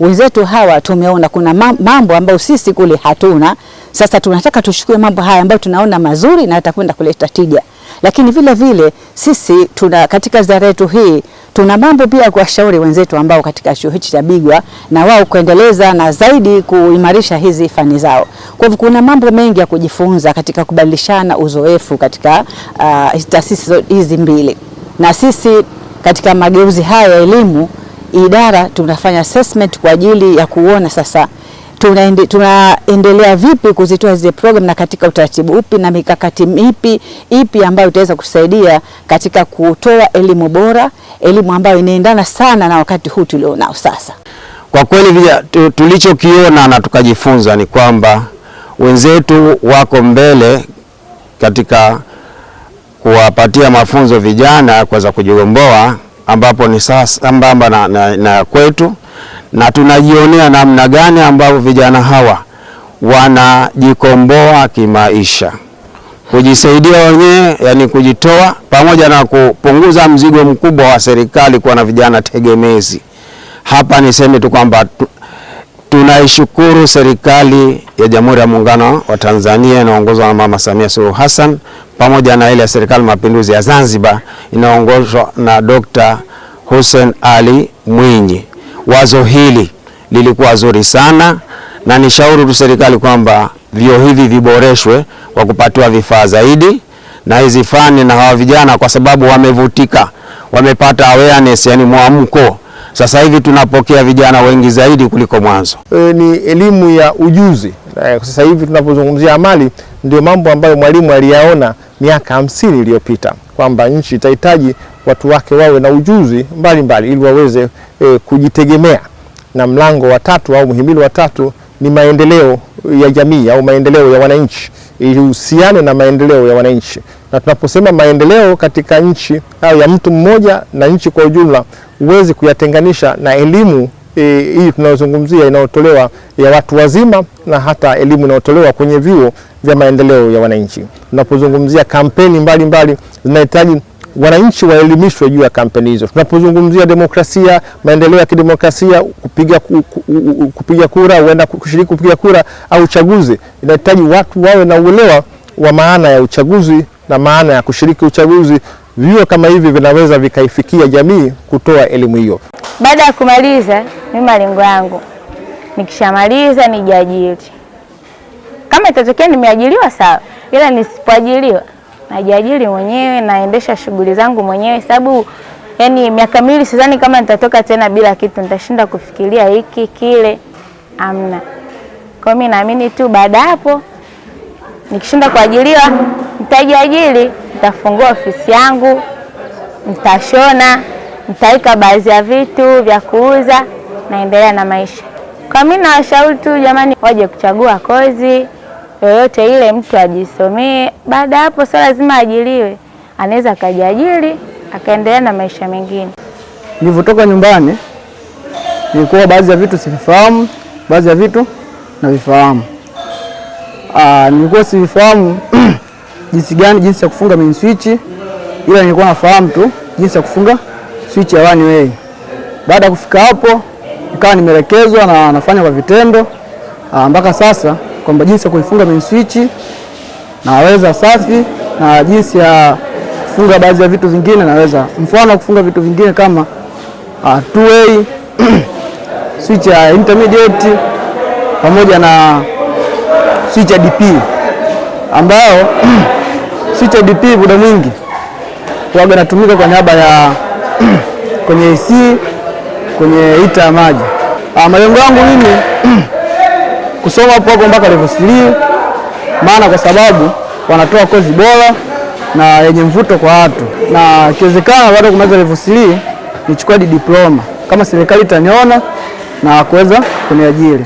wenzetu hawa tumeona kuna mambo ambayo sisi kule hatuna. Sasa tunataka tuchukue mambo haya ambayo tunaona mazuri na yatakwenda kuleta tija, lakini vile vile sisi tuna katika ziara yetu hii tuna mambo pia ya kuwashauri wenzetu ambao katika chuo hichi cha Bigwa na wao kuendeleza na zaidi kuimarisha hizi fani zao. Kwa hivyo kuna mambo mengi ya kujifunza katika kubadilishana uzoefu katika uh, taasisi hizi mbili, na sisi katika mageuzi haya ya elimu idara tunafanya assessment kwa ajili ya kuona sasa tunaende, tunaendelea vipi kuzitoa zile program na katika utaratibu upi na mikakati ipi ipi ambayo itaweza kusaidia katika kutoa elimu bora, elimu ambayo inaendana sana na wakati huu tulionao sasa. Kwa kweli tulichokiona na tukajifunza ni kwamba wenzetu wako mbele katika kuwapatia mafunzo vijana kuweza kujigomboa ambapo ni sambamba na, na, na kwetu na tunajionea namna gani ambavyo vijana hawa wanajikomboa kimaisha, kujisaidia wenyewe, yani kujitoa, pamoja na kupunguza mzigo mkubwa wa serikali kuwa na vijana tegemezi. Hapa niseme tu kwamba Tunaishukuru serikali ya Jamhuri ya Muungano wa Tanzania inaongozwa na Mama Samia Suluhu Hassan pamoja na ile ya serikali mapinduzi ya Zanzibar inaongozwa na Dr. Hussein Ali Mwinyi. Wazo hili lilikuwa zuri sana na nishauri tu serikali kwamba vyuo hivi viboreshwe kwa kupatiwa vifaa zaidi na hizi fani na hawa vijana, kwa sababu wamevutika, wamepata awareness, yani mwamko sasa hivi tunapokea vijana wengi zaidi kuliko mwanzo. E, ni elimu ya ujuzi. E, sasa hivi tunapozungumzia amali, ndio mambo ambayo mwalimu aliyaona miaka hamsini iliyopita kwamba nchi itahitaji watu wake wawe na ujuzi mbalimbali ili waweze e, kujitegemea. Na mlango wa tatu au mhimili wa tatu ni maendeleo ya jamii au maendeleo ya wananchi, ihusiane na maendeleo ya wananchi. Na tunaposema maendeleo katika nchi au ya mtu mmoja na nchi kwa ujumla, huwezi kuyatenganisha na elimu e, hii e, tunayozungumzia inayotolewa ya watu wazima na hata elimu inayotolewa kwenye vyuo vya maendeleo ya wananchi. Tunapozungumzia kampeni mbalimbali zinahitaji wananchi waelimishwe juu ya kampeni hizo. Tunapozungumzia demokrasia, maendeleo ya kidemokrasia, kupiga, kupiga kura, uenda kushiriki kupiga kura au uchaguzi, inahitaji watu wawe na uelewa wa maana ya uchaguzi na maana ya kushiriki uchaguzi, vyuo kama hivi vinaweza vikaifikia jamii kutoa elimu hiyo. Baada ya kumaliza, mimi malengo yangu nikishamaliza nijiajiri. Kama itatokea nimeajiriwa sawa, ila nisipoajiriwa najiajiri mwenyewe, naendesha shughuli zangu mwenyewe, sababu yani miaka miwili sidhani kama nitatoka tena bila kitu, nitashinda kufikiria hiki kile, amna. Kwa mimi naamini tu baada hapo Nikishinda kuajiliwa, nitajiajili, nitafungua ofisi yangu, nitashona, nitaweka baadhi ya vitu vya kuuza, naendelea na maisha. Kwa mimi nawashauri tu jamani, waje kuchagua kozi yoyote ile, mtu ajisomee. Baada ya hapo, sio lazima ajiliwe, anaweza akajiajiri akaendelea na maisha mengine. Nilivyotoka nyumbani, nilikuwa baadhi ya vitu sivifahamu, baadhi ya vitu navifahamu. Ah, nilikuwa sifahamu jinsi gani jinsi ya kufunga main switch, ila nilikuwa nafahamu tu jinsi ya kufunga switch ya one way. Baada ya kufika hapo, nikawa nimeelekezwa na nafanya kwa vitendo ah, mpaka sasa kwamba jinsi ya kuifunga main switch naweza safi na jinsi ya kufunga baadhi ya vitu vingine naweza, mfano kufunga vitu vingine kama uh, two way switch ya intermediate pamoja na CHDP ambao CHDP muda mwingi waga natumika kwa niaba ya kwenye AC kwenye hita ya maji. Ah, malengo yangu mimi kusoma hapo hapo mpaka level 3, maana kwa sababu wanatoa kozi bora na yenye mvuto kwa watu, na ikiwezekana baada ya kumaliza level 3 nichukue diploma kama serikali itaniona na kuweza kuniajiri.